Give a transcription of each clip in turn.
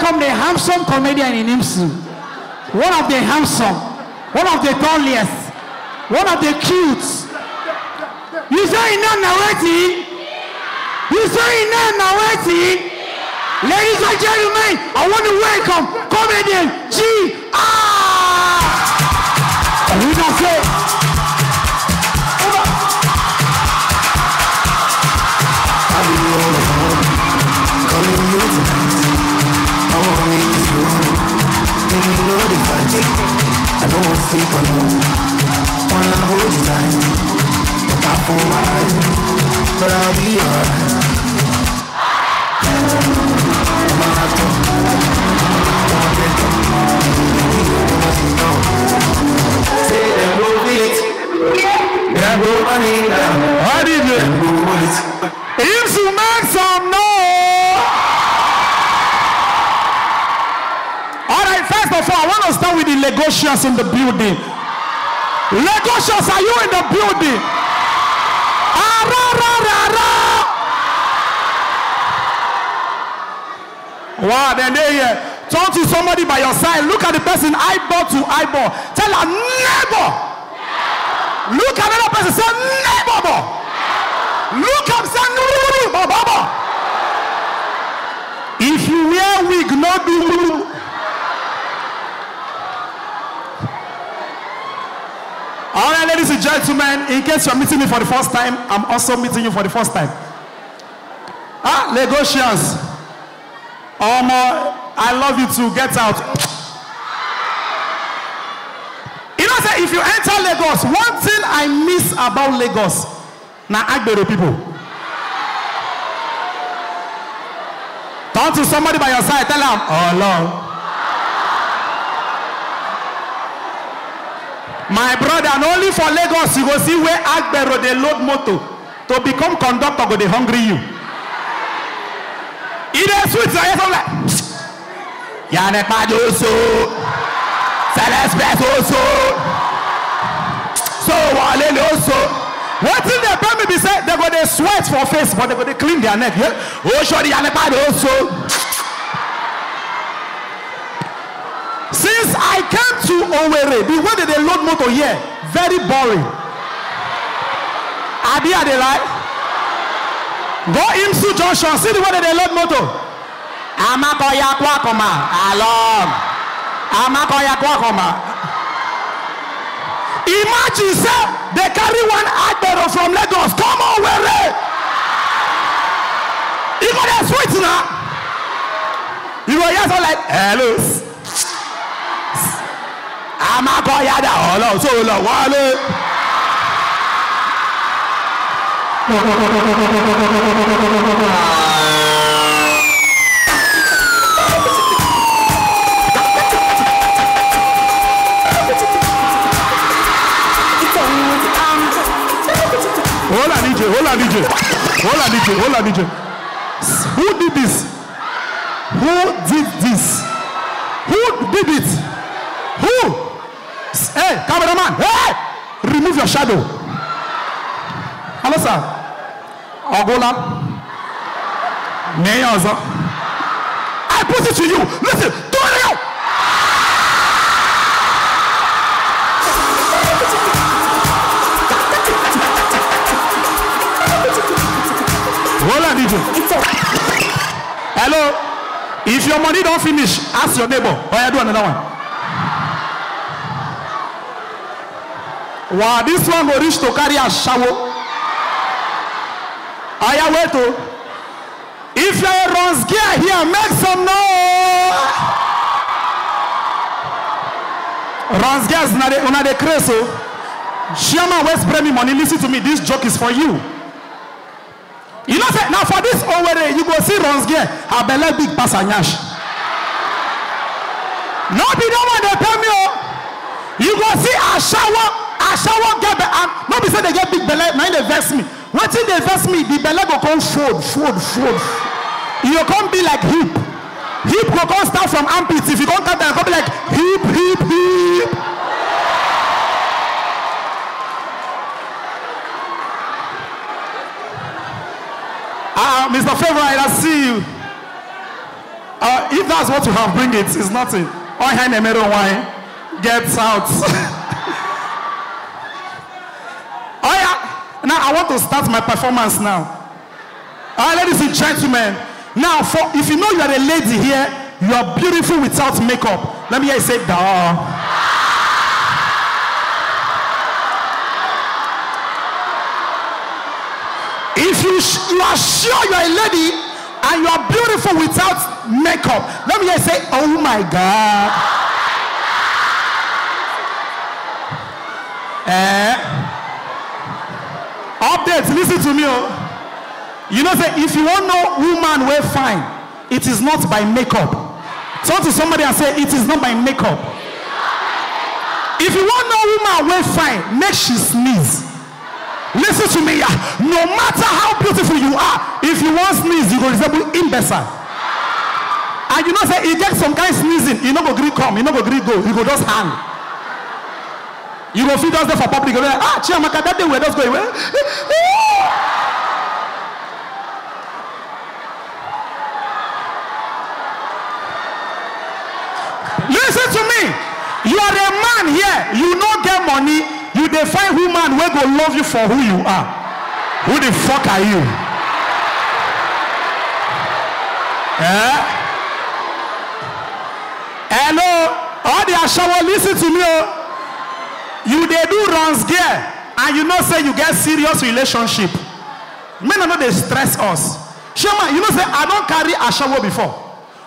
welcomed the handsome comedian in IMSU. One of the handsome, one of the tallest, one of the cute. You say in not You say in not Ladies and gentlemen, I want to welcome comedian G We now say. want to know the magic. I don't want to sleep alone. Wanna hold you tight, look out for my eyes, but I'll be alright. I'm an actor. Don't get it. You must know. Say them move it. Yeah, move money now. How did All right. First of all, I want to start with the Lagosians in the building. Lagosians, are you in the building? Wow, then they here. Turn to somebody by your side. Look at the person eyeball to eyeball. Tell her neighbor. Look at another person. Say neighbor. Look up. Say neighbor. If you wear wig, not do All right, ladies and gentlemen, in case you're meeting me for the first time, I'm also meeting you for the first time. Ah, Lagosians. Omo, um, I love you to Get out. You know, say if you enter Lagos, one thing I miss about Lagos, na Agbero people. Turn to somebody by your side, tell them, oh Lord. my brother na only for lagos you go see where agbero dey load motor to become conductor go dey hungry you e dey sweet na yes like yanepade oso celespes oso so walele oso wetin dey pain me be say dem go dey sweat for face but dem go dey clean their neck yeah? Oh, osori yanepade oso. came to Owerri, the way that they load motor here, very boring. Abi are they right? Go into Junction, see the way that they load motor. Amakoya Kwakoma, along. Amakoya Kwakoma. Imagine, sir, they carry one Agbero from Lagos. Come on, Owerri. Even they sweet now. You were just all like, hello amakọyada ọlọ́run tó lọ wọlé. Hold on, DJ. Hold on, DJ. Hold on, DJ. Hold on, DJ. Who did this? Who did this? Who did it? Who? Hey, cameraman, hey! Remove your shadow. Hello, sir. Ogola. Neyozo. I put it to you. Listen, do it now. Roland DJ. Hello. If your money don't finish, ask your neighbor. Oh, do another one. Wow, this one go reach to carry a shower. Ayaweto. Oh. If you're a runs gear here, make some noise. Runs gears, una de creso. Oh. Chairman West Bremi money, listen to me. This joke is for you. You know, say, now for this over you go see runs gear. Her belly big pass a nyash. No, be no one dey tell me. Oh. You go see a shower asawo get be am no be say they get big belle na im dey vex me wetin dey vex me the belle go come fold fold fold e go come be like hip hip go come start from armpit if you come count am go be like hip hip hip. Ah, uh, Mr. Favor, I see you. Uh, if that's what you have, bring it. It's nothing. Oin Emero wine gets out. Oh yeah. Now I want to start my performance now. All right, ladies and gentlemen. Now, for if you know you are a lady here, you are beautiful without makeup. Let me hear you say, "Duh." If you, you are sure you are a lady and you are beautiful without makeup, let me hear you say, "Oh my God." Oh my God. Eh? update listen to me o oh. you know say if you wan know woman wey fine it is not by makeup talk to somebody and say it is not by makeup if you wan know woman wey fine make she sneeze listen to me ya no matter how beautiful you are if you wan sneeze you go resemble imbecile and you know say e get some kind sneezing e no go gree come e no go gree go e go just hang. You go feed us there for public. Like, ah, Chiamaka, that day we're just going. Eh? Listen to me. You are a man here. You know get money. You define who man will go love you for who you are. Who the fuck are you? Eh? Hello? All the Ashawa, listen to me. Oh. They do runs there and you know say you get serious relationship men know they stress us shema you know say i don't carry ashawo before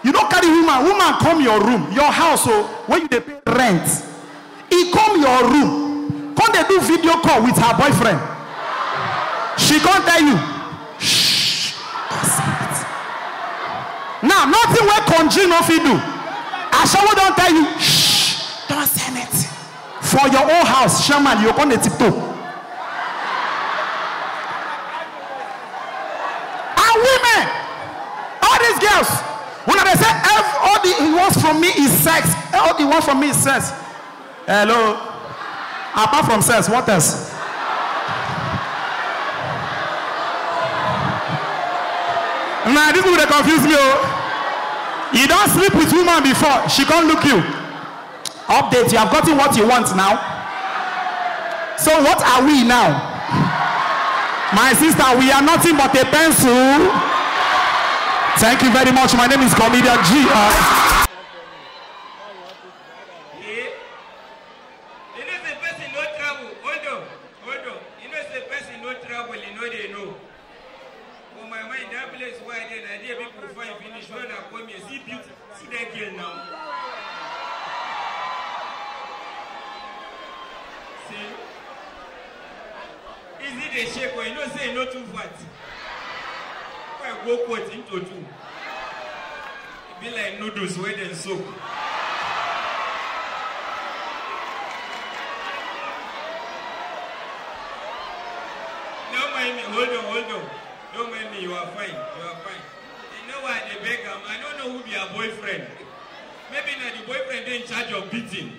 you don't carry woman woman come your room your house o oh, when you pay rent he come your room come they do video call with her boyfriend she come tell you shh now nothing wey konji no fit do ashawo don't tell you shh Don't send it for your own house shaman, you come dey tiptoe. and women all these girls when they say all the he wants from me is sex all he wants from me is sex hello apart from sex what else. na this woman dey confuse me Oh. You don't sleep with woman before, she can't look you. Update, you have gotten what you want now. So what are we now? My sister, we are nothing but a pencil. Thank you very much. My name is Comedian G. Uh, dey shake well you know say e no too fat well go quote him to do noodles wey dem soak. hold on hold on don't mind me you are fine you are fine you know why i dey beg am i no know who be her boyfriend maybe na the boyfriend dey in charge of beating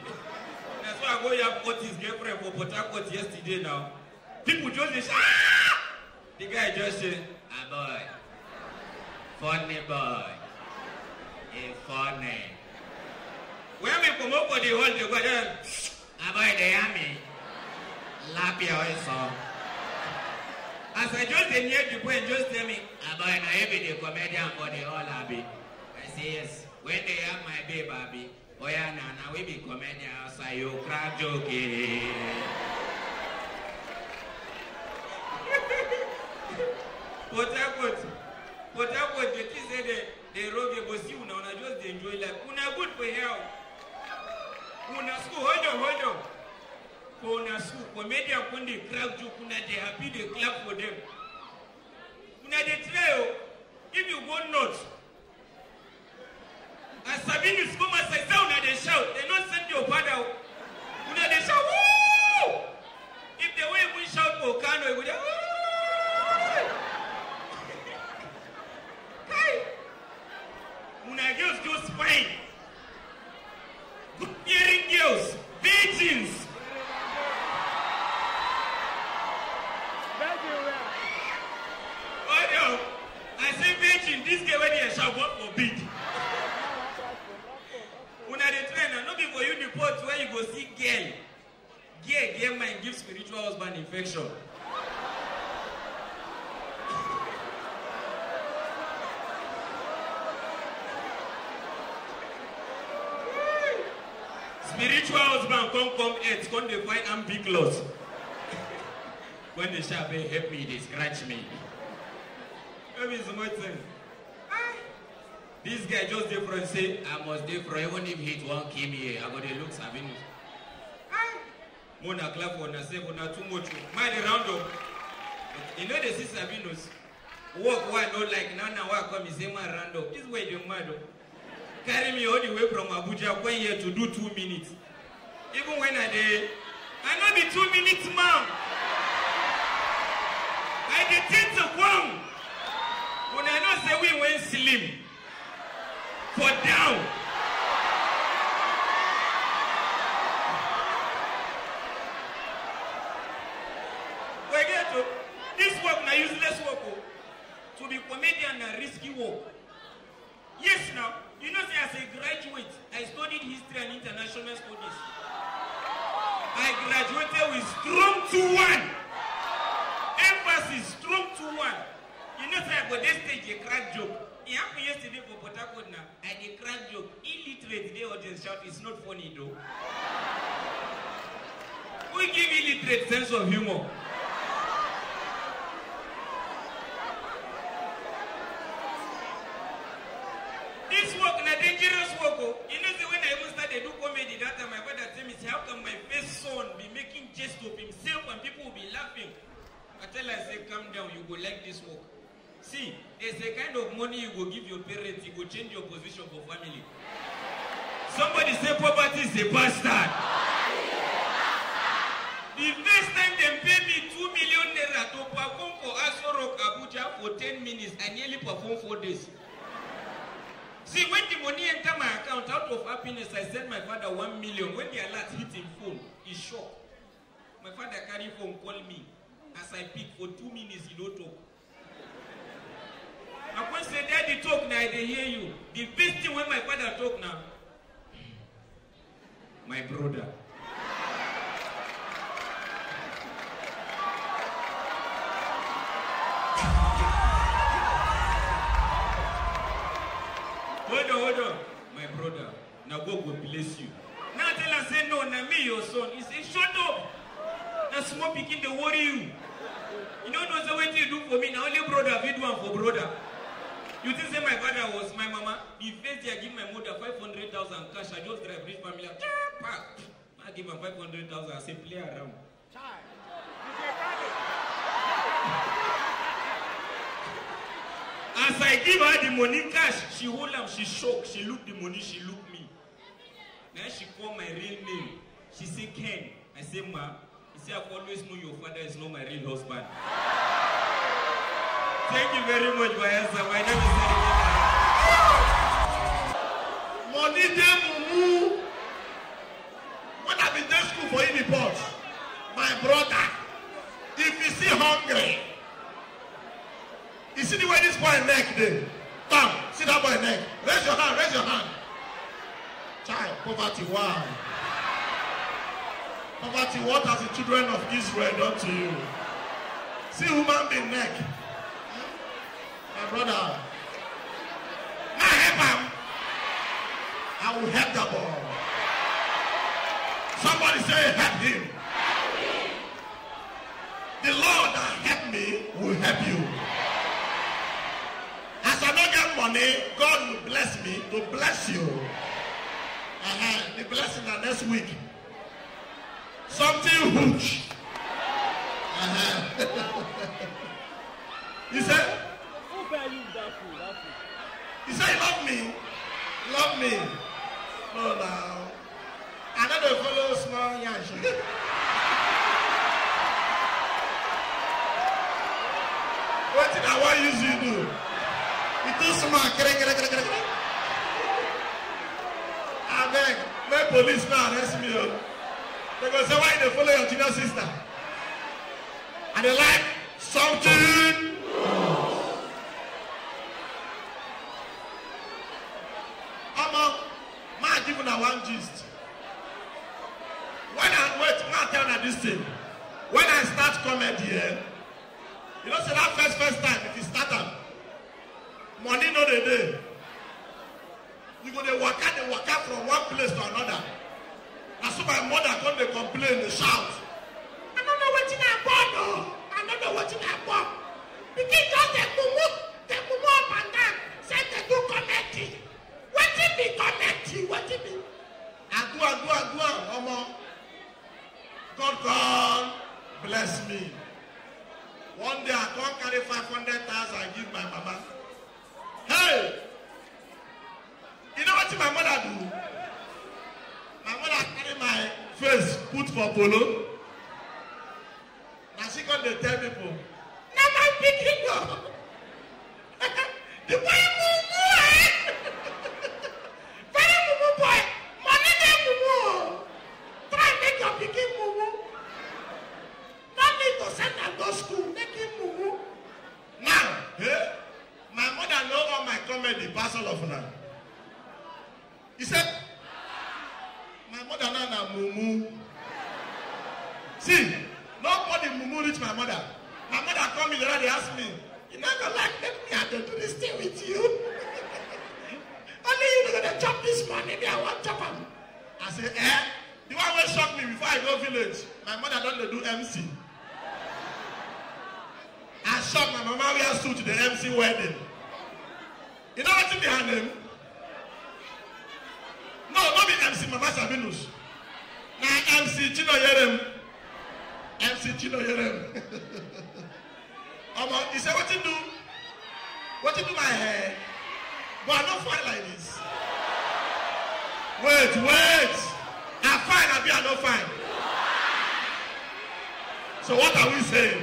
na so i go yab otis girlfriend for port harcourt yesterday now. People just say, ah! The guy just say, ah boy, funny boy, a funny. When we come up for the whole joke, ah boy, they are me. Lappy also. As I just dey near the point, just tell me, ah boy, now every be the comedian for the whole abi. I say yes. When they have my baby, baby, oh yeah, now now we be comedian outside, you crack joking. Eh? Port Harcourt, Port Harcourt, the kids say they, they rob your bossy, una unajua they enjoy life. Una good for hell. Kuna siku hojo hojo. Kuna siku comedy akundi club juu kuna the happy the club for them. Kuna the trail oh. if you go not. As sabini siku masaisa una the shout. They not send your father. Oh. Una the shout. If the way we shout for Kano, you go there. Muna girls do spine. Good hearing girls, virgins. Oh no, I say virgin, this girl when they shall work for big. I the trainer, not before you deport where you go see girl. Girl, girl man give spiritual husband infection. spiritual husband come come eat. come dey find am big loss when the sharp dey help me dey scratch me no be small thing this guy just dey front say i must dey front even if heat wan kill me here i go dey look sabi news ah una clap for unasef una too much o mind dey round up you know dey see sabi news work wey i no like now na why i come e say man round up this way dey mad o. Oh carry me all the way from Abuja come here to do two minutes. Even when I dey, I know the two minutes man. I dey ten to come. I know say we went slim for down. This work na useless work o. Oh. To be comedian na risky work. Yes now. You know, say, as a graduate, I studied history and international studies. I graduated with strong to one. Emphasis, strong to one. You know, say, I go this stage, a crack joke. It happened yesterday for Port now. I did crack joke. Illiterate, the audience shout, it's not funny though. We give illiterate sense of humor. serious work o oh. you know the when i even start dey do comedy that time my father tell me say how come my best son be making jest of himself and people be laughing i tell am say calm down you go like this work see there's a kind of money you go give your parents You go change your position for family somebody say poverty is a bastard the first time dem pay me two million naira to perform for Asoro abuja for ten minutes i nearly perform four days. See, when the money enter my account out of happiness, I sent my father one million. When the alert hit him phone, he shocked. My father carry phone, call me. As I pick for two minutes, he don't talk. I can say, they talk now, they hear you. The first thing when my father talk now, my brother. brother. My brother. Now God will bless you. Now tell us, say no, now me, your son. He said, shut up. Now small begin to worry you. You don't know the way you do for me. Now only brother, we do one for brother. You think say my father was my mama? The first day I give my mother 500,000 cash, I just drive rich family. I give her 500,000. I say play around. As I give her the money cash, she hold am, she shock, she look the money, she look me. Then she call my real name. She say Ken. I say Ma. He say I've always known your father is not my real husband. Thank you very much, my answer. My name is Eric. Money dey mumu. What have been done school for Uniport, my brother, if you see hungry, see the way this boy neck dey come see that boy neck raise your hand raise your hand child poverty why poverty what has the children of israel done to you see woman being neck my brother na help am i will help that boy somebody say help him. Help him the lord that helped me will help you. I cannot get money, God will bless me to bless you. Uh-huh. The blessing that next week. Something huge. Uh-huh. he said, He said, Love me. Love me. No, now. I don't know, follow small young. What did I want you to do? Itu semua kering kering kering kering. Abeg, make police now arrest me o. Oh. They go say why you dey follow your junior sister? I dey like something. one in there, one chop them. I say, eh? The one will shock me before I go village. My mother don't do MC. I shock my mama wear suit to the MC wedding. You know what's in behind them? No, not be MC Mama Sabinus. Now MC Chino Yerem. MC Chino Yerem. Omo, he say what you do? What you do my hair? But I don't find like this wait wait i fine abi i no fine so what are we saying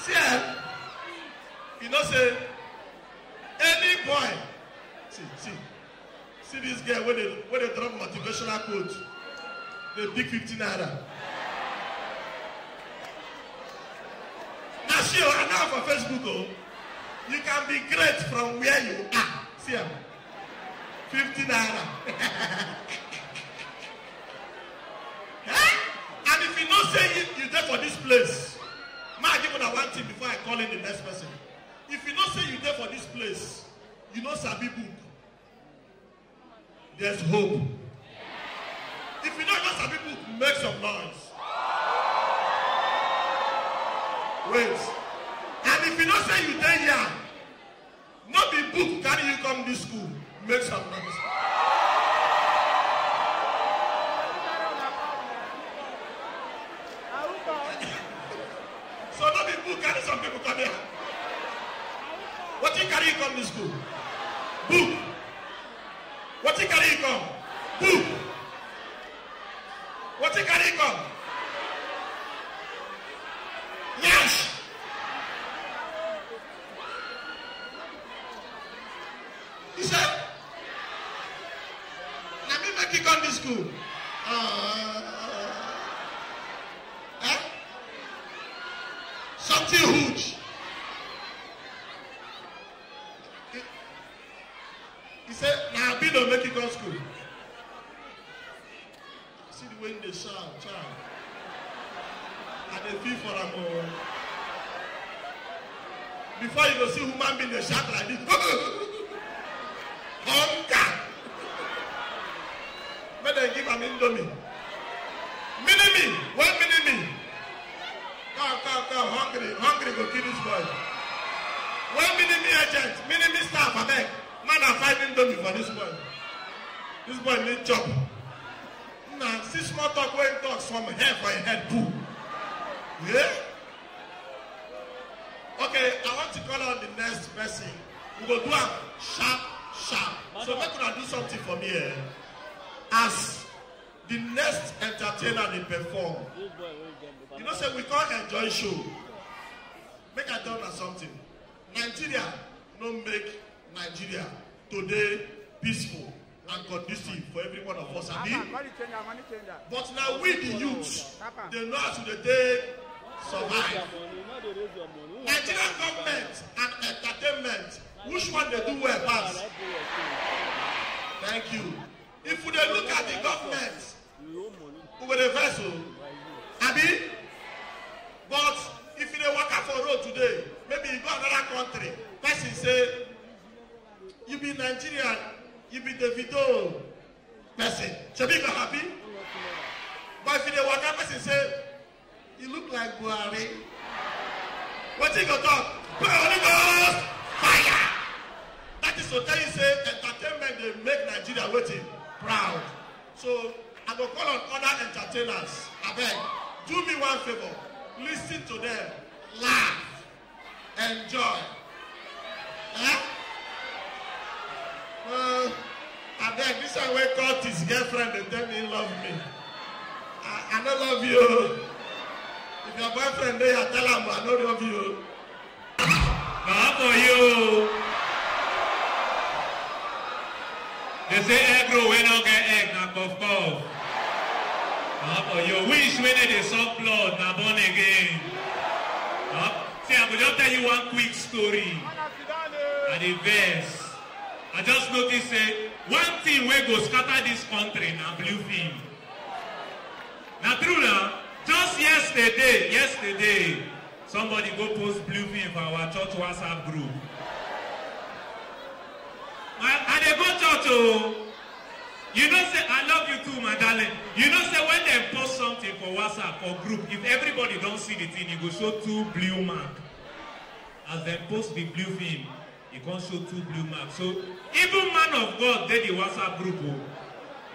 see eh you know say any boy see see see this girl wey dey wey dey drop motivational quote dey pick fifty naira na she o and now for facebook Oh, you can be great from where you are see am. Eh, fifty naira. and if you don't say you you dey for this place ma give una one thing before i call in the next person if you don't say you dey for this place you no sabi book there's hope if you don't know sabi book make some noise wait and if you don't say you dey here no be book carry you come dis school Make some noise. so no book carry some people come here. What you carry you come to school? Book. What you carry you come? Book. Multitudes. He said, now nah, been to make it go school. See the way they shout, child. And they feel for a all. Before you go see human being, they shout like this. The know how to dey survive. Nigerian government and entertainment, which one dey do well pass? Thank you. If we dey look at the government, we go dey vex o. Abi? But if you dey waka for road today, maybe you go another country, person say, you be Nigerian, you be Davido person. Shebi you go happy? But if you dey waka person say you look like Buhari, wetin go talk? Pray Holy Ghost fire! That is to tell you say entertainment dey make Nigeria wetin proud. So I go call on other entertainers abeg do me one favour lis ten to them laugh enjoy. Eh? Uh, abeg this one wey call his girlfriend dey tell me he love me no love you. If your boyfriend there, tell him I don't love you. Not for you. They say egg roll, we don't get egg, na puff puff. Not for you. Wish when they suck blood, na born again. Not See, I'm will just tell you one quick story. At the verse, I just noticed say, eh, one thing we go scatter this country na blue film. Now true now. just yesterday yesterday somebody go post blue film for our church whatsapp group i i dey go church oo you know say i love you too my darling you know say when they post something for whatsapp or group if everybody don't see the thing you e go show two blue mark as they post the blue film you e can't show two blue mark so even man of god they the whatsapp group o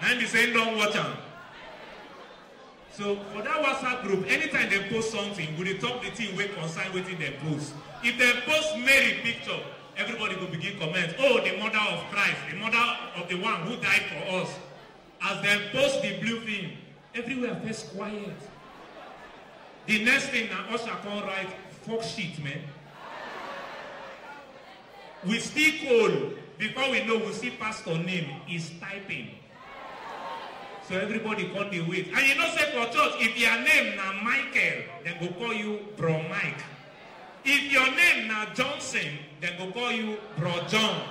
na him say him watch them so for that whatsapp group anytime they post something we talk the thing wey concern wetin dem post if they post mary picture everybody will begin comment oh the mother of christ the mother of the one who died for us as they post the blue thing, everywhere first quiet the next thing us usher come write fuck shit man we still call before we know we see pastor name is typing so everybody come dey wait and you know say for church if your name na michael dem go call you bro mike if your name na johnson dem go call you bro john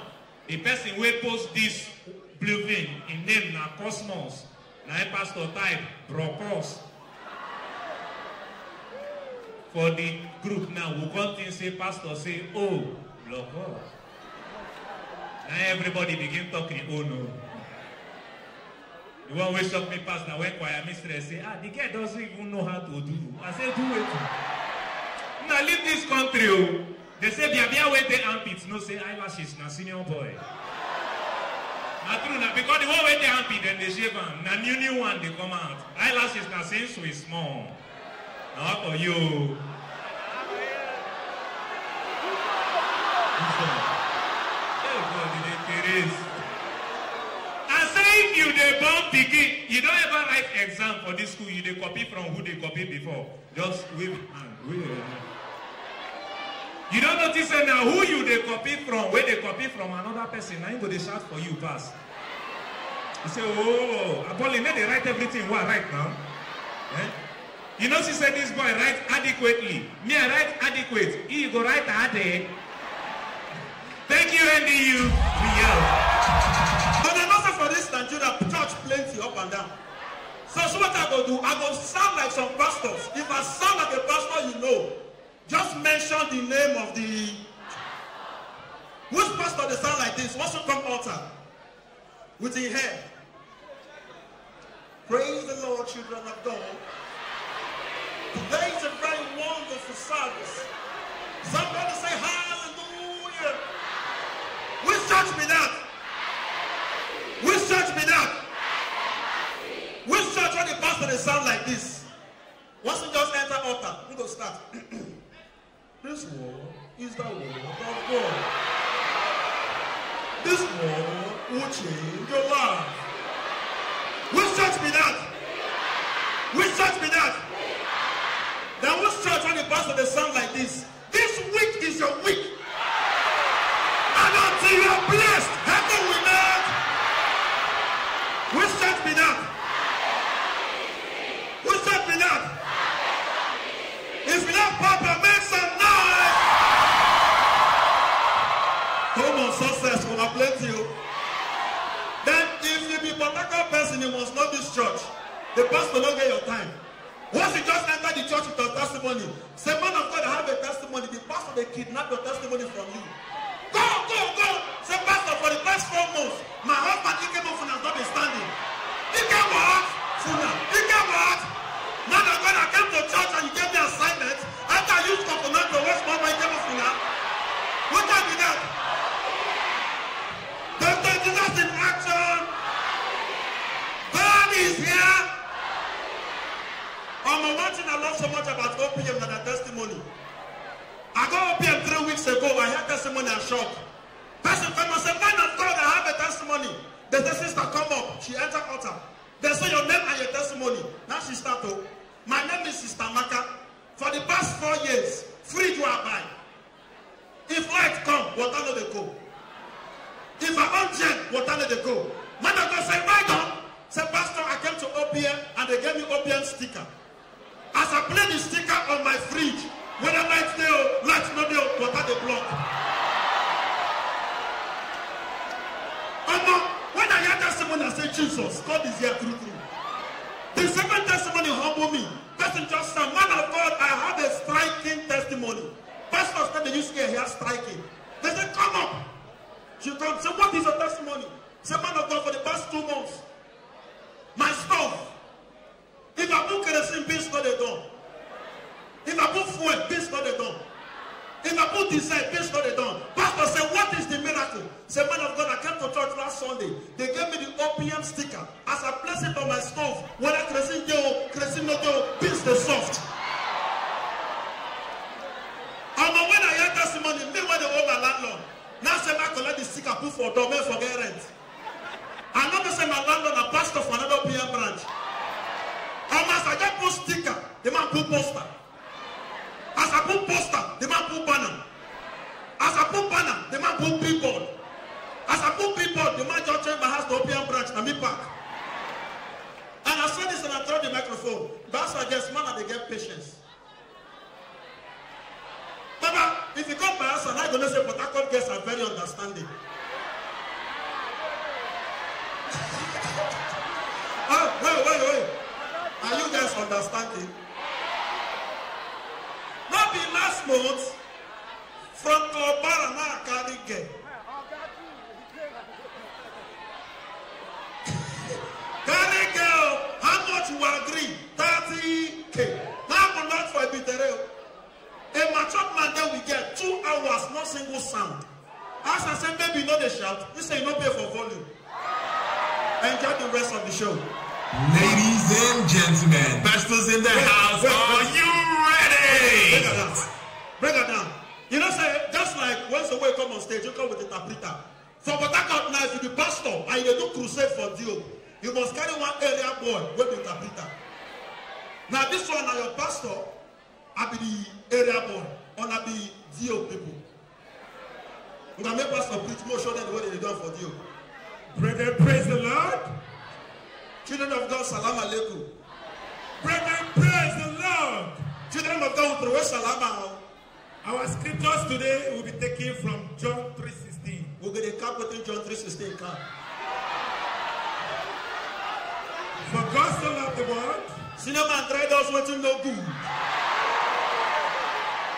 the person wey post this blue vein im name na cosmos na e pastor type bro cos for the group now we come think say pastor say oh bro cos na everybody begin talk im own o. Oh, no. The one wey shock me pass now. when choir mistress say, ah, the girl doesn't even know how to do. I say, do it. Now leave this country, oh. They say, Bia Bia wey dey armpits, no say eyelashes, na senior boy. na true na because the one wey dey armpit, dem dey shave am. Na new new one they come out. Eyelashes na since we small. Na what for you? Oh God, it is you dey born pikin you don ever write exam for dis school you dey copy from who dey copy before just wave hand wave your hand you don notice say na who you dey copy from wey dey copy from another person na him go dey shout for you pass you say ooo oh, aboli make dey write everything wey i write now eh you know see say dis boy write adequately me i write adequate he go write ade thank you ndu we out. this Nigeria, church plenty up and down. So, so what I go do, I go sound like some pastors. If I sound like a pastor, you know, just mention the name of the... Which pastor they sound like this? What's come altar? With the head? Praise the Lord, children of God. Today is a very wonderful service. Somebody say hallelujah. Which church me that? Which church be that? Which church when the pastor they sound like this? Once you just enter altar, you go start. this war is the wall of God. This war will change your life. Which church be that? Which church be that? Then which church when the pastor they sound like this? This week is your week. And until you are blessed, heaven will know. The pastor don't get your time. Once you just enter the church with your testimony, say, man of God, I have a testimony. The pastor, they kidnap your testimony from you. so much about OPM than a testimony. I got OPM three weeks ago. I heard testimony and shock. Person famous and Man of God, I have a testimony. The sister come up. She enter altar. They say your name and your testimony. Now she start to. My name is Sister Maka. For the past four years, free to abide. If light come, what no they go. If I object, what no they go. Man of God say, why not? Say, Pastor, I came to OPM and they gave me OPM sticker as I play the sticker on my fridge whether light dey o light no dey o water dey block. omo when i hear testimony i say jesus god is here true true the second testimony humble me person just say man of god i have a striking testimony pastors no dey use ear hear striking they say come up she come say what is your testimony say man of god for the past two months my stuff Il m'a pour kerosene, bien sûr, dedans. Il m'a pour fouet, bien sûr, dedans. Il m'a pour design, bien sûr, dedans. Pastor said, What is the miracle? Say, man of God, I came to church last Sunday. They gave me the OPM sticker. As I place it on my stove, when I kerosene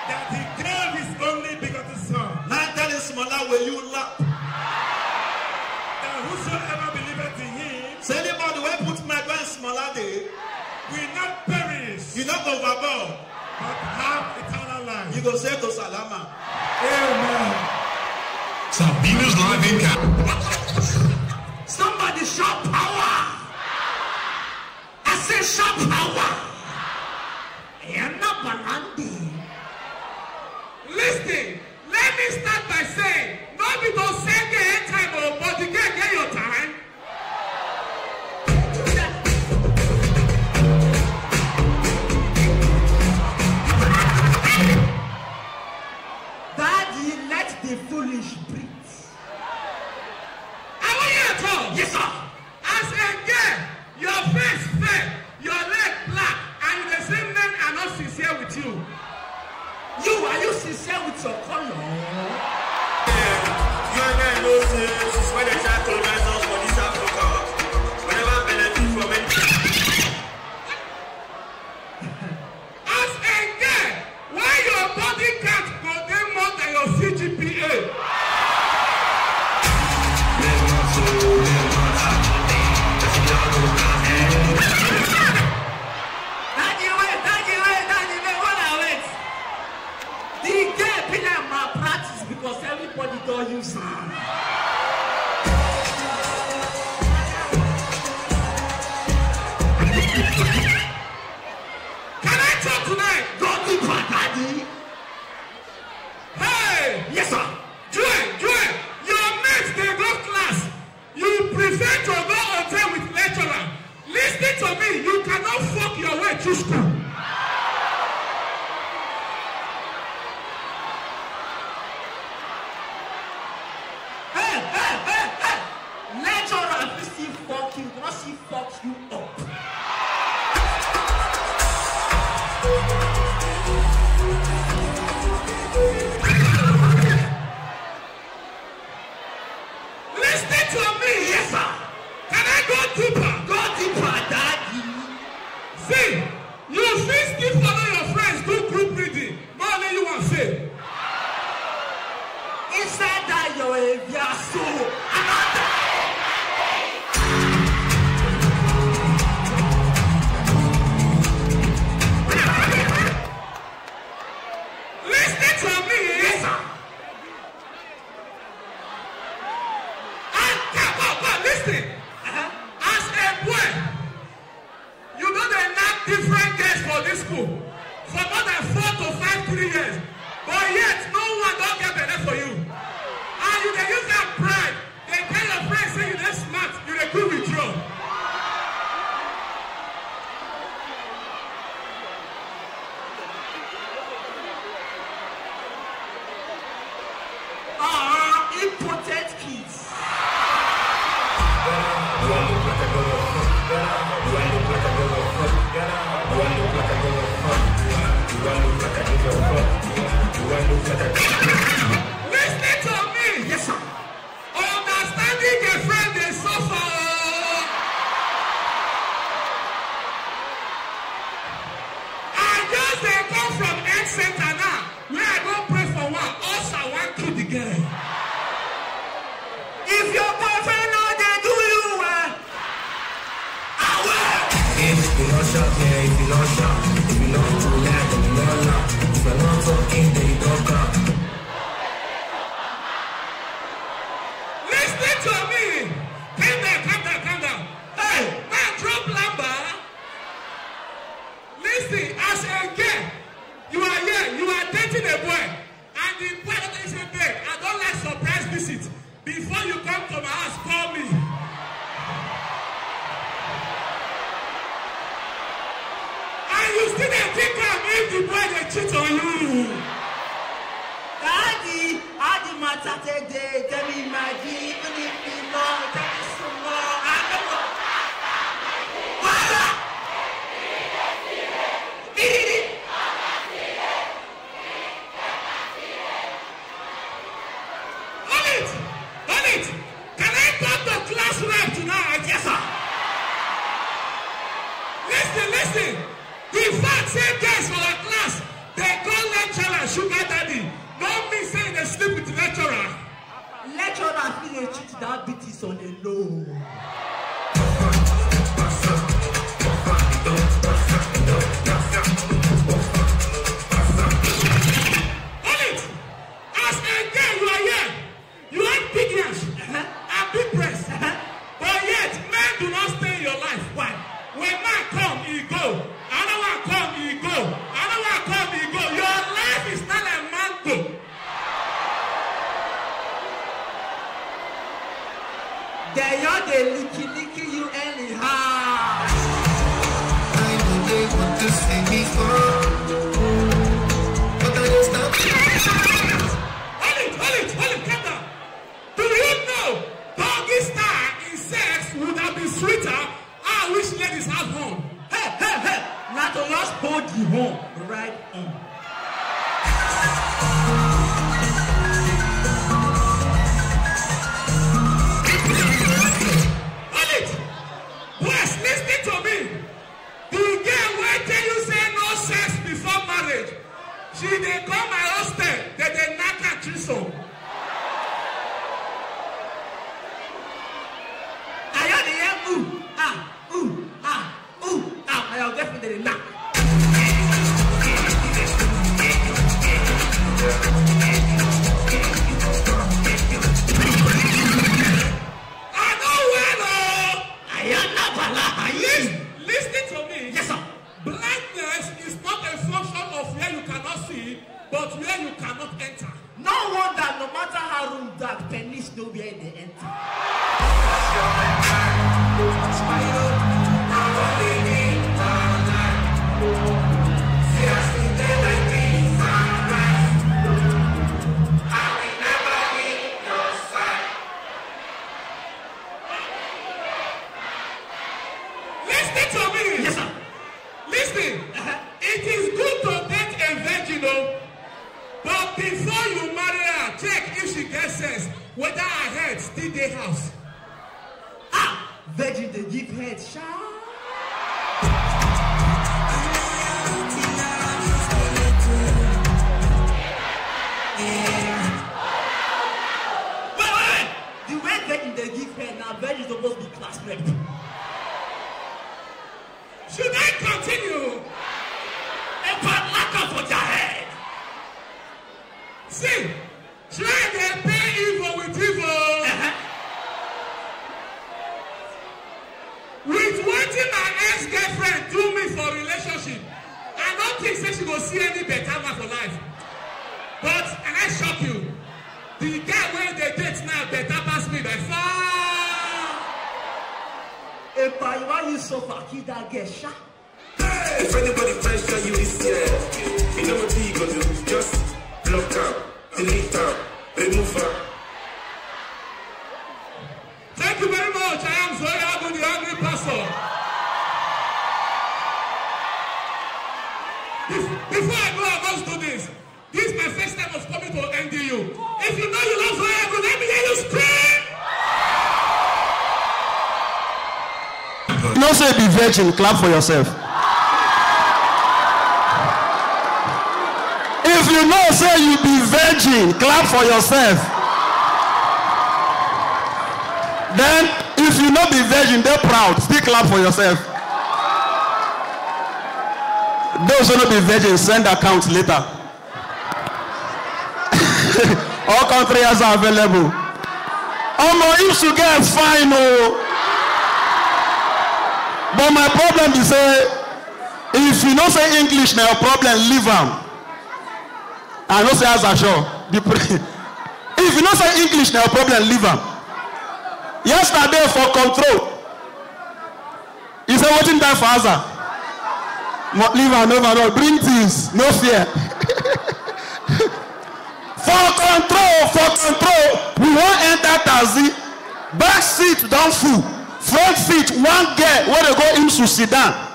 that he gave his only begotten son. Neither is smaller will you lap. That whosoever believeth in him. Say anybody where put my brand smaller day. Will not perish. You not go overboard. But have eternal life. You go say to Salama. Amen. Sabina's live in camp. Somebody shout power. I say shout power. she dey come my hostel dey dey knack her chisel. things. Just block out, delete out, remove out. Thank you very much. I am Zoe Abu, the Angry Pastor. Before I go, I must do this. This is my first time of coming to NDU. If you know you love Zoe Abu, let me hear you scream. No, say be virgin. Clap for yourself. say you be virgin clap for yourself then if you no be virgin dey proud still clap for yourself those wey no be virgin send account later all country has are available omo um, if you get fine oo but my problem be say if you no say english na your problem leave am. I no say as ashore. The pre- if you no say English, na your problem. Leave am. Yesterday for control, he say wetin die for hazard. But leave am overall. Bring things, no fear. for control, for control, we wan enter taxi. Back seat don full. Front seat one girl wey dey go im to sit down.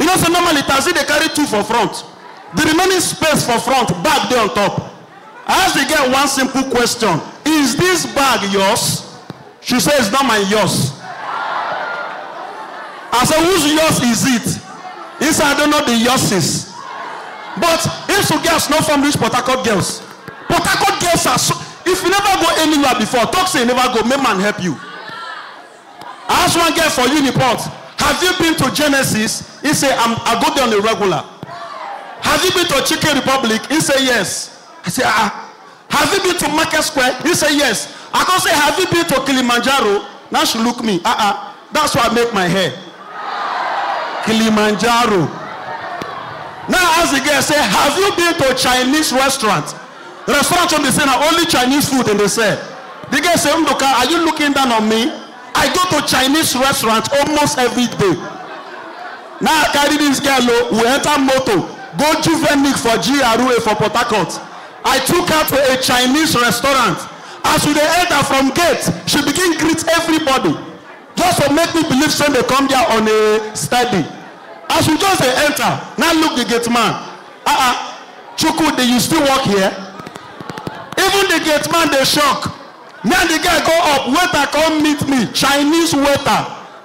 You know say normally taxi dey carry two for front the remaining space for front bag dey on top i ask the girl one simple question is this bag yours she say it's not my yours i say whose yours is it he say i don't know the yourses but if you girls no form reach port harcourt girls port harcourt girls are so if you never go anywhere before talk say you never go make man help you i ask one girl for uniport have you been to genesis he say i go there on a regular Have you been to Chicken Republic? He said yes. I said, ah. Have you been to Market Square? He said yes. I can say, have you been to Kilimanjaro? Now she look me. Uh-uh. That's why I make my hair. Kilimanjaro. Now as the girl say, have you been to a Chinese restaurant? The restaurant on the say now only Chinese food and they say. The girl say, Mdoka, are you looking down on me? I go to Chinese restaurant almost every day. Now I carry this girl, we enter motor go juvenic for GRA for Port Harcourt. I took her to a Chinese restaurant. As we dey enter from gate, she begin greet everybody. Just to make me believe say they come there on a study. As we just dey enter, now look the gate man. Ah uh ah, -uh, Chukwudi, you still work here? Even the gate man dey shock. Now the guy go up, waiter come meet me, Chinese waiter.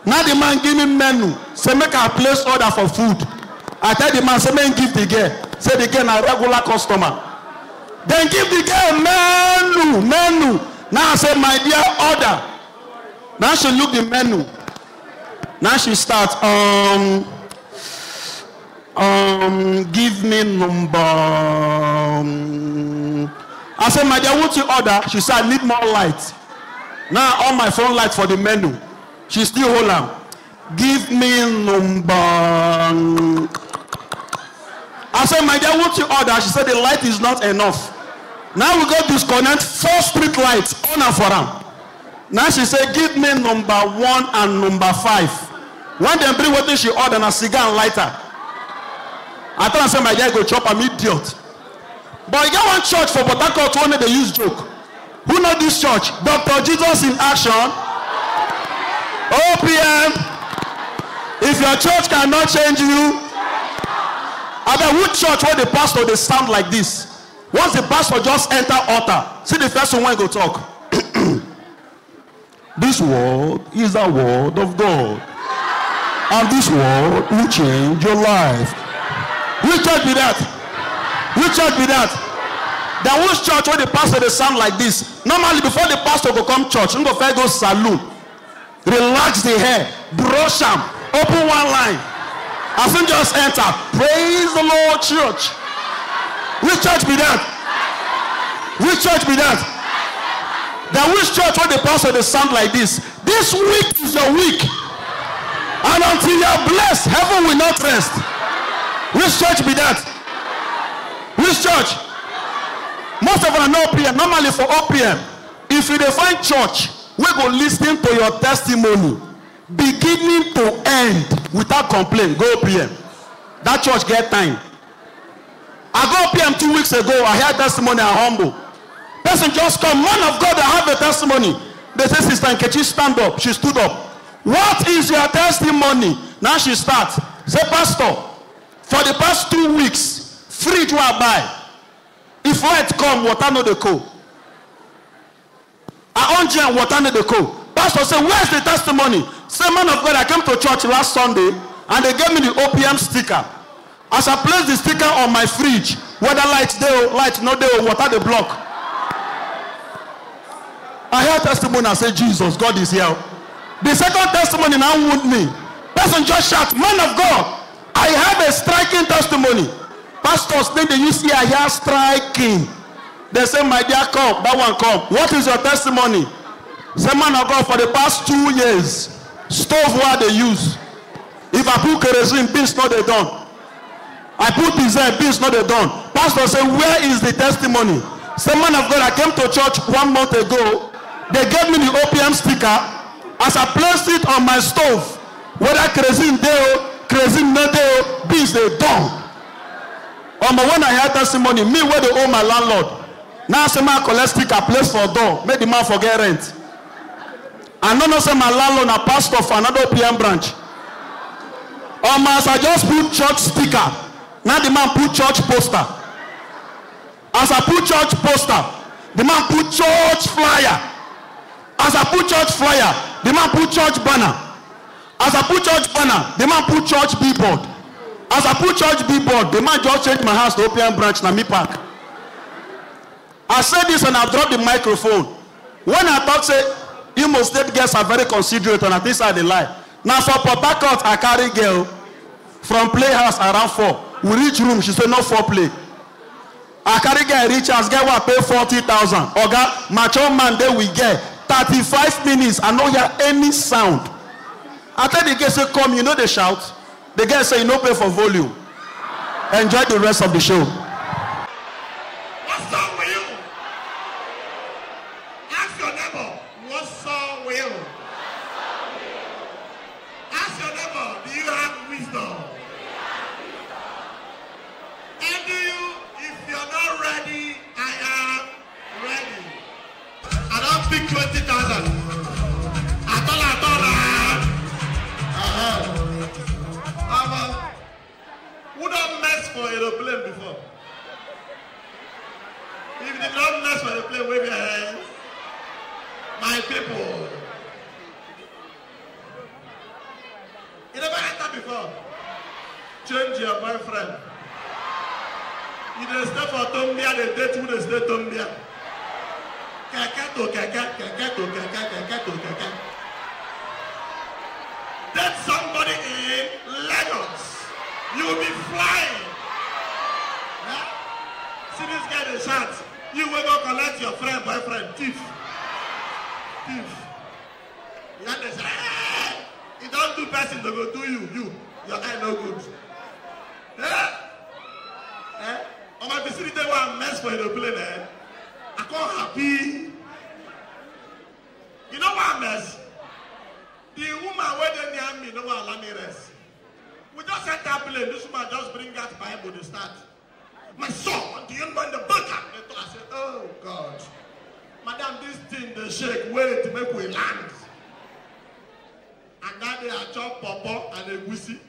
Now the man give me menu, say make I place order for food. I tell the man, say, man, give the girl. Say the girl a regular customer. Then give the girl menu, menu. Now I say, my dear, order. Now she look the menu. Now she starts, um, um, give me number. Um, I said, my dear, what you order? She said, I need more light. Now on my phone light for the menu. She still hold on. Give me number. I said, my dear, what you order? She said, the light is not enough. Now we got disconnect four street lights on and for am. Now she said, give me number one and number five. When they bring wetin she order A cigar and lighter. I thought I said, my dear, go chop am idiot. But you got one church for Port Harcourt wey no use joke. Who know this church? Dr. Jesus in action. OPM. If your church cannot change you, I mean, which church where the pastor they sound like this? Once the pastor just enter altar, see the first one go talk. this word is the word of God, and this word will change your life. Which church be that? Which church be that? Then which church where the pastor they sound like this? Normally, before the pastor go come church, you go first go saloon, relax the hair, brush am, open one line. I said, just enter. Praise the Lord, church. Which church be that? Which church be that? That which church when the pastor they sound like this? This week is your week. And until you are blessed, heaven will not rest. Which church be that? Which church? Most of them are not PM. Normally for OPM, if you define church, we go listening to your testimony, beginning to end without complaint go pm that church get time i go pm two weeks ago i hear testimony i humble person just come man of god i have a testimony they say sister nkechi stand up she stood up what is your testimony now she start say pastor for the past two weeks fridge were i buy if wet come water no dey cold i on jam water no dey cold pastor say where's the testimony Say, man of God, I came to church last Sunday and they gave me the OPM sticker. As I placed the sticker on my fridge, whether light they light no or water the block. I heard testimony and said, Jesus, God is here. The second testimony now wound me. Person just shout, man of God, I have a striking testimony. Pastors then they use here, hear striking. They say, my dear, come, that one come. What is your testimony? Say, man of God, for the past two years, stove wey i dey use if i put kerosene beans no dey done i put diesel beans no dey done pastor say where is the testimony say man of god i came to church one month ago they gave me the opm sticker as i placed it on my stove whether kerosene dey o kerosene no dey o beans dey done omo um, when i hear testimony me wey dey owe my landlord now say man collect sticker place for door make the man forget rent I don't know say my landlord na pastor for another PM branch. Um, as I just put church sticker, now the man put church poster. As I put church poster, the man put church flyer. As I put church flyer, the man put church banner. As I put church banner, the man put church billboard. As I put church billboard, the man just change my house to open branch na me park. I said this and I dropped the microphone. When I talk say Imo State girls are very considerate and this are the lie. Na for Port Harcourt I carry girl from playhouse around four. We reach room she said no four play. I carry girl reach house girl wa pay forty thousand. Oga mature man dey we get thirty-five minutes I no hear any sound. I tell the girl say come you know they shout. The girl say you no pay for volume. Enjoy the rest of the show. Awesome. twenty thousand àtọ́là àtọ́là. Ama, who don't mess for aeroplane before? If they don mess for aeroplane, wave your hands. My people. You never enter before. Change your boyfriend. You dey stay for Tombia, dey date who dey stay Tombia kẹ̀kẹ́ tó kẹ̀kẹ́ kẹ̀kẹ́ tó kẹ̀kẹ́ kẹ̀kẹ́ to kẹ̀kẹ́. That somebody in Lagos, you will be flying. Huh? See this guy dey shout, you wey go collect your friend boyfriend thief. Thief. You hear dey say, hey! e don do person to go do you, you, your eye no good. Eh? Eh? Ọmọ ibi sí ni tẹ́wọ́ à ń mess for aeroplane ẹ̀. Eh? go happy. You know what I The woman waiting near me, no one allow me rest. We just set that plane. This woman just bring that Bible to start. My son, the young man, the baker. I said, oh God. Madam, this thing, the shake, wait to make we land. And that day I chop popo, and egusi.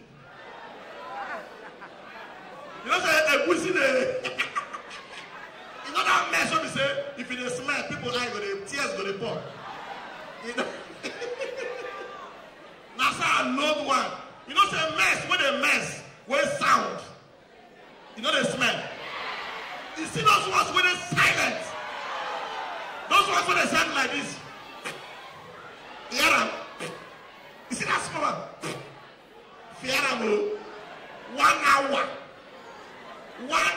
You know, say egusi, they. Eh? You know that mess when we say, if it is smell, people eye go to tears go to pour. You know? That's how I love one. You know, say mess, what a mess, where sound. You know the smell. You see those ones where they're silent. Those ones where they sound like this. Hear them. You see that small one? Fear them, oh? One hour. One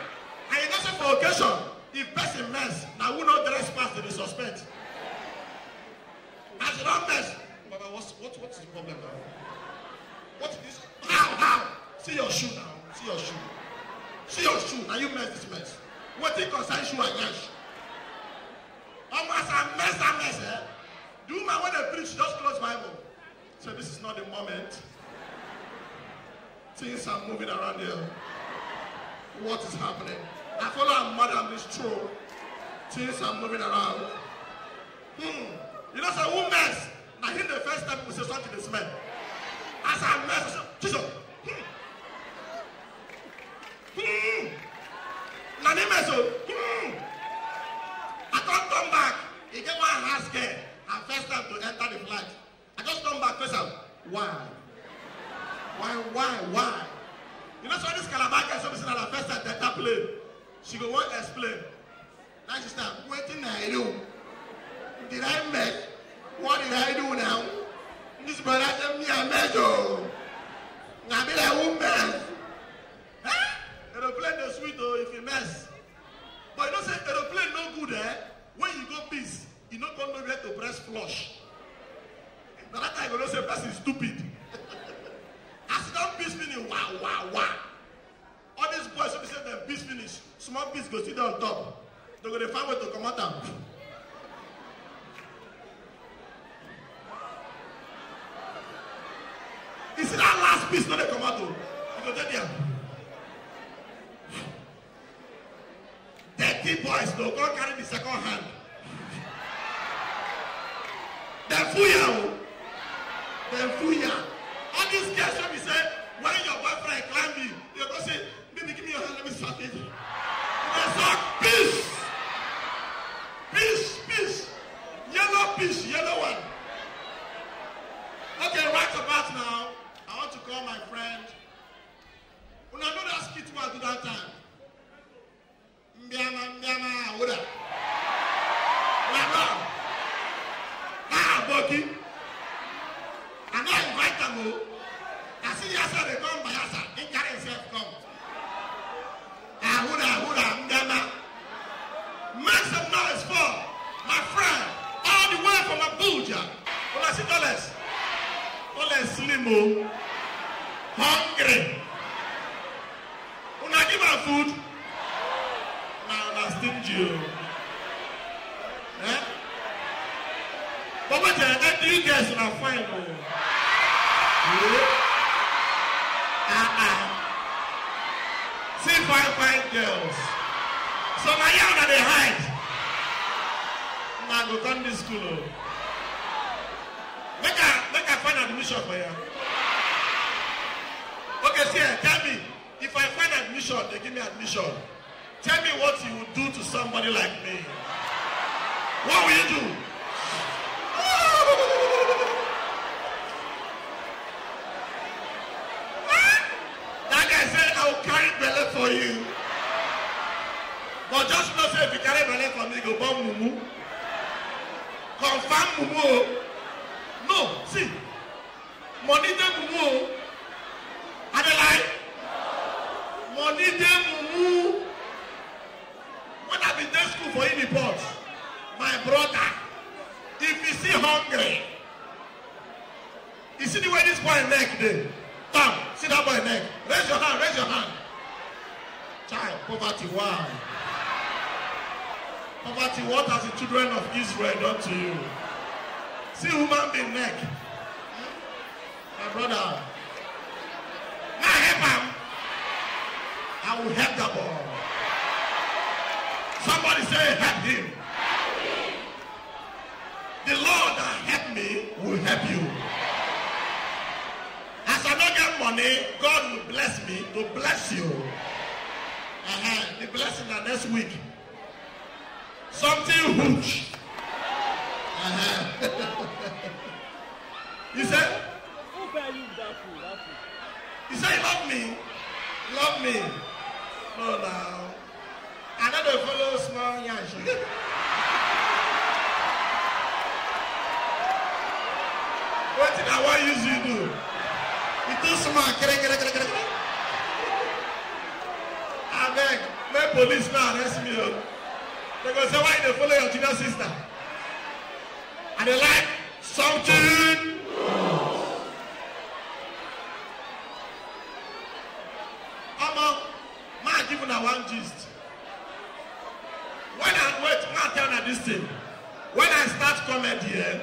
hour. And you know, say for occasion, if person mess, now who no dress pass to the suspect? As you don't mess, Baba, what what, is the problem now? What is this? How, how? See your shoe now. See your shoe. See your shoe. Now you mess this mess. What it concerns you and yes. as I mess, that mess, eh? Do my when I preach, just close my mouth. So this is not the moment. Things are moving around here. What is happening? I call her Madam true. Things are moving around. Hmm. You know, say, who mess? I think the first time we say something is men. As I mess, I say, Jesus. Hmm. Hmm. Nani mess, Hmm. I can't come back. He get one last girl. Her first time to enter the flight. I just come back, first time. Why? Why, why, why? You know, so this Calabar guy, so we see first time to enter plane she go wan explain now she start wetin i do did i mess? what did i do now this brother tell me i mess, o na me like who mess eh aeroplane dey sweet o oh, if you mess but you know say aeroplane no good eh when you go piss you no come know where to press flush na that time you go know say person stupid as you don piss finish wa wa wa all these boys wey be say dem beat finish small beats go sit dey on top dem go dey find way to comot am. you see that last piece no dey comot o you go dey there. dirty boys go carry the second hand dem fuya o fool ya. all these girls wey be say when your boyfriend climb me you go say give me, give me your hand. Let me start it. And I said, peace. Peace, peace. Yellow peace, yellow one. Okay, right about now, I want to call my friend. When I know that skit was at that time. Mbiama, mbiama, oda. Mbiama. Ah, Boki. And I invite them. Oh. I see the Yasa, they come by Yasa. He carry himself, come ahura ahura ngama make some noise for my friend all the way from abuja olasi dollars ole slim o hungry una give am food na na stingy o eh baba jẹ ẹ di guest na fine o. Oh? hide girls. So now y'all not they hide. Now go to this school. Make a make a find admission for you. Okay, see, tell me if I find admission, they give me admission. Tell me what you would do to somebody like me. What will you do? bá ń mú o no see money dey mú o. policeman arrest me o oh. they go say why they follow your junior sister And they like something. I'm omo ma give a one gist when i wait ma turn una dis thing when i start comedy eh.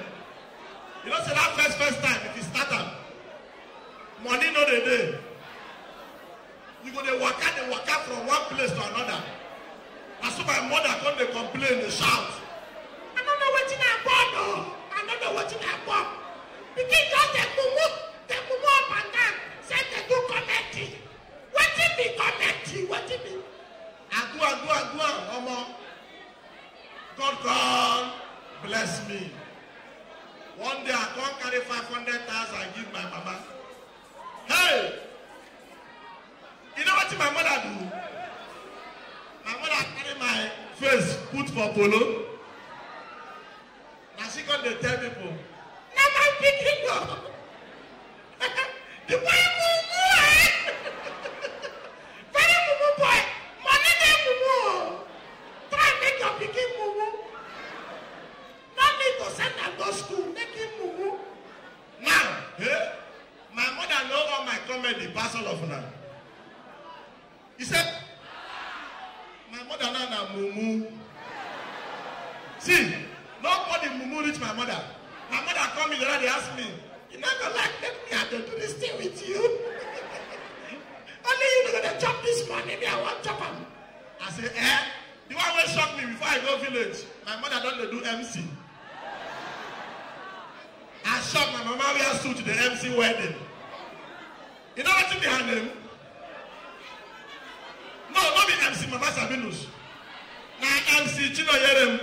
Chinoyerem.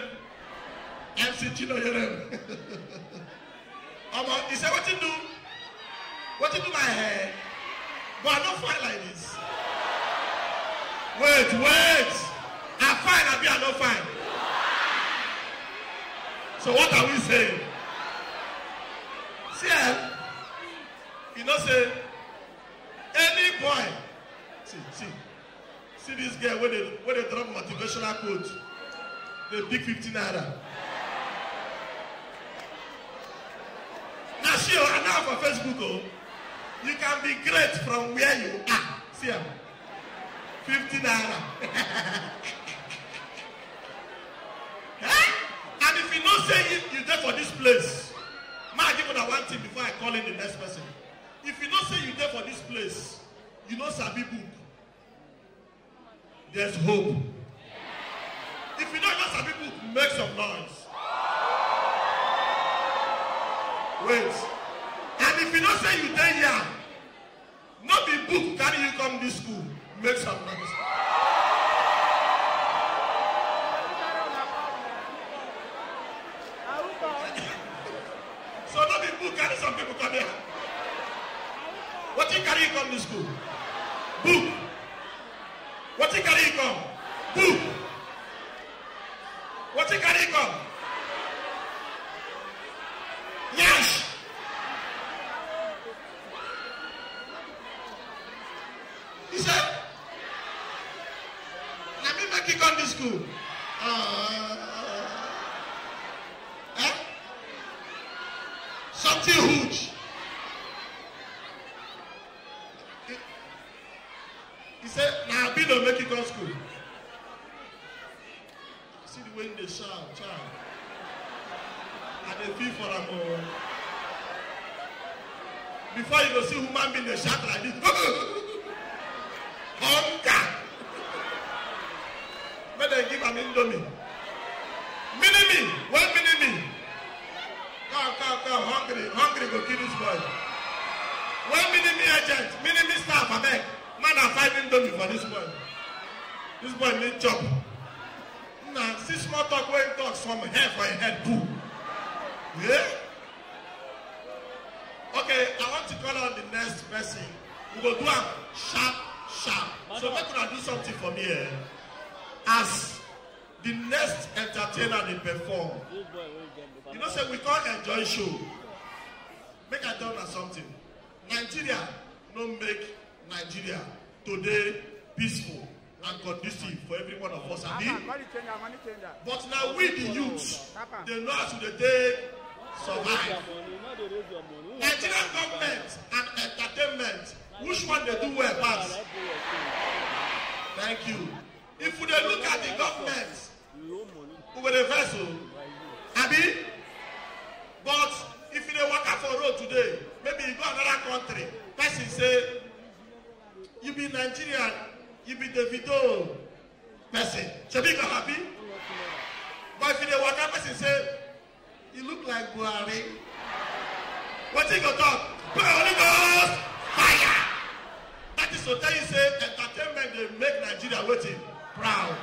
MC Chinoyerem. Omo, he said, what you do? What you do my hair? But I don't fine like this. Wait, wait. I fine, I be, I don't fine. So what are we saying? See, eh? you know, say, any boy, see, see, see this girl where they, where they drop motivational quotes the big 50 naira. Now see, and now for Facebook, oh, you can be great from where you are. See, 50 naira. And if you not say you, you're there for this place, ma, I give that one thing before I call in the next person. If you not say you there for this place, you know Sabi book. There's hope. If you don't know some people, make some noise. Wait. And if you don't say you dey here, not be book carry you come this school, make some noise. so not be book carry some people come here. What you carry you come this school? Book. What you carry you come? Book. dey feel for am oo oh. before you go see human being dey shout like this hunger make dem give am indomie mini me one mini me come come come hungry hungry go kill this boy one mini me agent mini me staff abeg man na five indomie for this boy this boy need chop na see small talk wey he talk from head for him head too. Yeah? Okay, I want to call on the next person. We go do am sharp, sharp. So make una do something for me here. Eh? As the next entertainer they perform, you know say we come enjoy show. Make a tell something. Nigeria no make Nigeria today peaceful and conducive for every one of us. Abi? But now, we the youth, they know how to take survive. Nigerian government and entertainment, which one dey do well pass? Thank you. If we dey look at the government, we go dey vex o. Abi? But if you dey waka for road today, maybe you go another country, person say, you be Nigerian, you be Davido person. Shebi you go happy? But if you dey waka, person say, He look like Buhari. What you go talk? Holy Ghost fire. That is to tell you say entertainment dey make Nigeria wetin proud.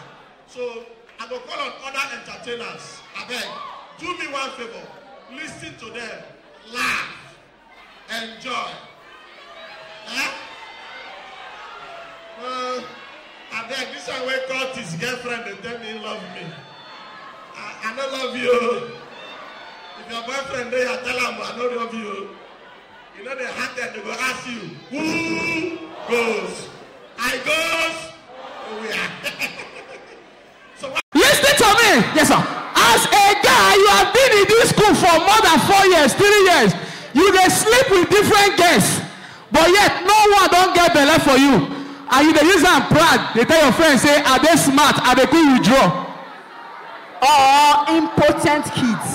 So I go call on other entertainers. Abeg, do me one favor. Listen to them, laugh, enjoy. Huh? Eh? Uh, abeg this one wey call his girlfriend and tell me he love me. I, I no love you. Your boyfriend there, you tell him, I know love you. You know they hard that they go ask you, who goes? I goes. Oh, yeah. so Listen to me. Yes, sir. As a guy, you have been in this school for more than four years, three years. You can sleep with different girls, but yet no one don't get the love for you. And you they use them proud. They tell your friends, say, are they smart? Are they good withdraw? Or impotent kids.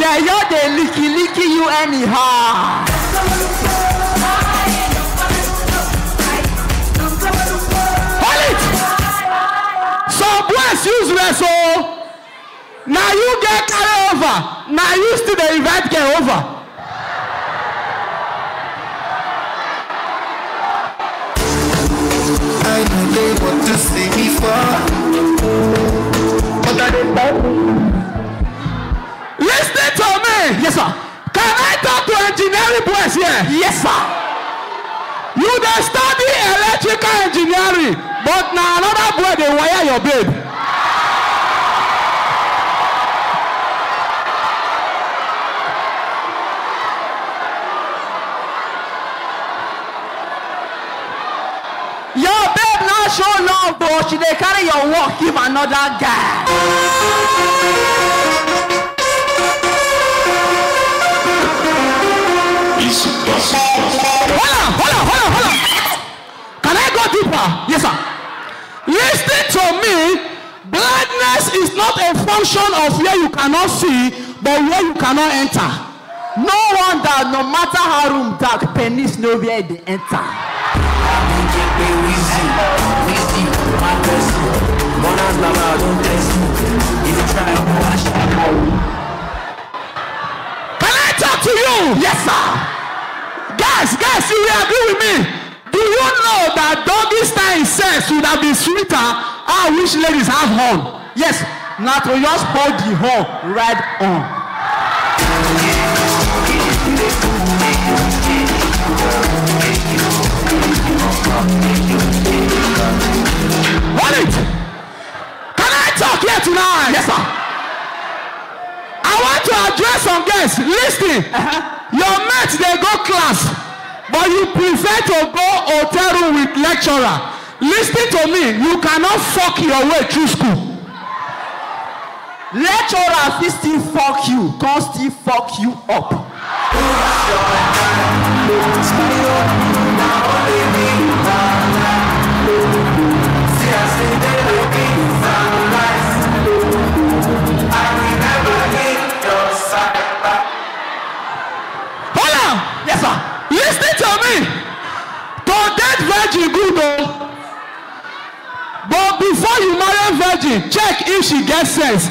They y'all they licky licky you anyhow. Hold it. Some boys use wrestle. Oh. Now you get carried over. Now you still the event get over. I know they want to see me fall, but I do not Listen to me. Yes, sir. Can I talk to engineering boys here? Yes, sir. You dey study electrical engineering, but na another boy dey wire your babe. Your babe no show love, but she dey carry your work give another guy. is not a function of where you cannot see but where you cannot enter no wonder no matter how room dark penis no where dey enter. can I talk to you? yes sir. guys guys you dey agree with me do you know that doggy style sex would have been sweeter ah which ladies have horn yes na to just pour the horn right on. Hold it! Can I talk here tonight? Yes, sir. I want to address some guys. Listen, uh-huh. your mates dey go class, but you prefer to go hotel room with lecturer. Listen to me, you cannot fok your way through school lecturer fit still fok you come still fok you up. Hold on, yes sir. Lis to me. To date virgin good o. But before you marry virgin, check if she get sense.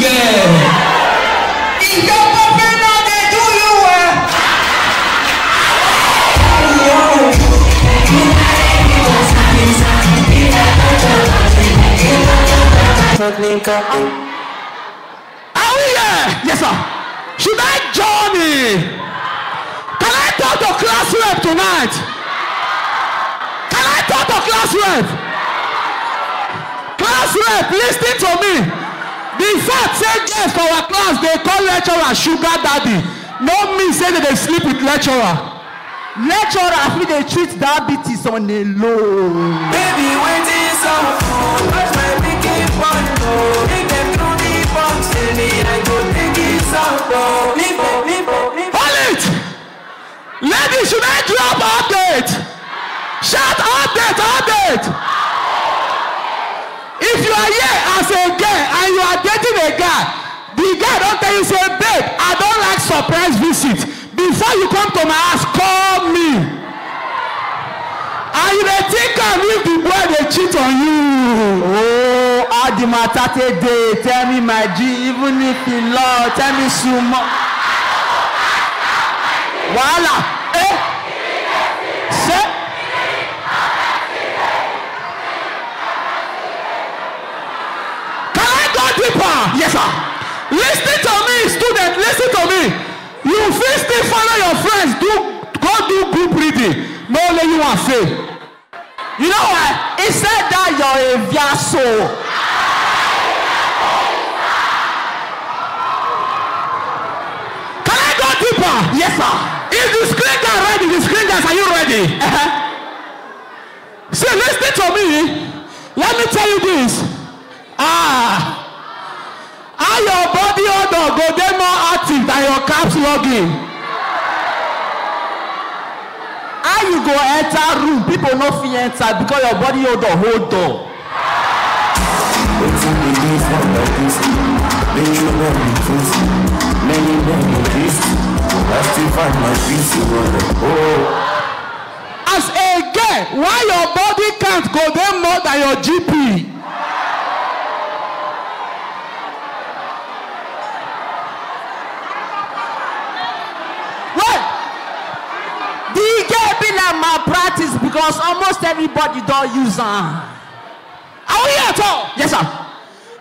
Nika. Are we here? Yes, sir. Should I journey? Can I talk to class rep tonight? Can I talk to class rep? Class rep, listen to me. The fact say yes for our class they call lecturer sugar daddy no me. say that they sleep with lecturer lecturer I fit they treat diabetes on a low. baby wetin sup o pump, it Ladies, should I drop update? Shout update, update! If you are here as a girl and you are dating a guy, the guy don't tell you say, babe, I don't like surprise visit. Before you come to my house, call me. Are you the thinker if the boy dey cheat on you? Oh, all the matter take dey? Tell me my G, even if he love, tell me sumo. Wahala. Eh? Ṣé? Can I go deeper? Yes, sir. Lis ten to me, student, lis ten to me. You fit still follow your friends do go do group reading no let you want fail. You know why? He said that you're a vessel. Can I go deeper? Yes, sir. If the screen guys ready, the screen guys, are you ready? Uh-huh. See, listen to me. Let me tell you this. Ah. How your body odor go dey more active than your caps login. you go enter room people no fit enter because your body hold on hold door. wetin be this one like this make you no be crazy many men dey kiss i still find my peace in one day. as a girl why your body count go dey more than your gp. My practice because almost everybody don use am. Are we here at all? Yes, sir.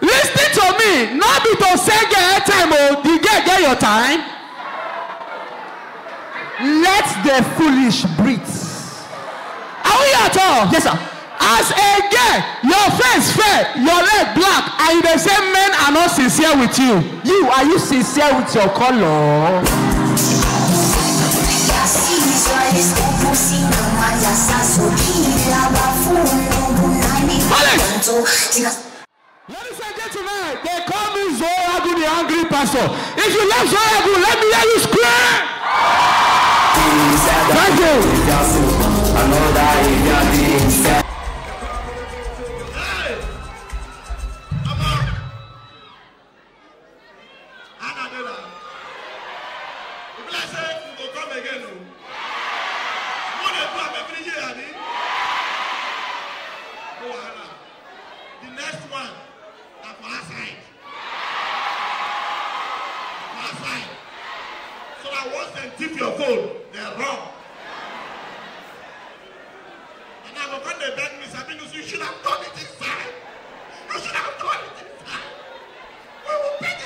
Lis ten to me, no be to say get time o, the get get your time. Let the foolish breathe. Are we here at all? Yes, sir. As a girl, your face fair, your leg black, and you dey say men are not sincere with you. You, are you sincere with your colour? Ladies and gentlemen, they call me Zoyagu the angry pastor. If you love Zoyagu, let me hear you scream. Thank you. road, they are wrong. And now when they beg me, Sabinus, you should have done it inside. You should have done it inside. We will beat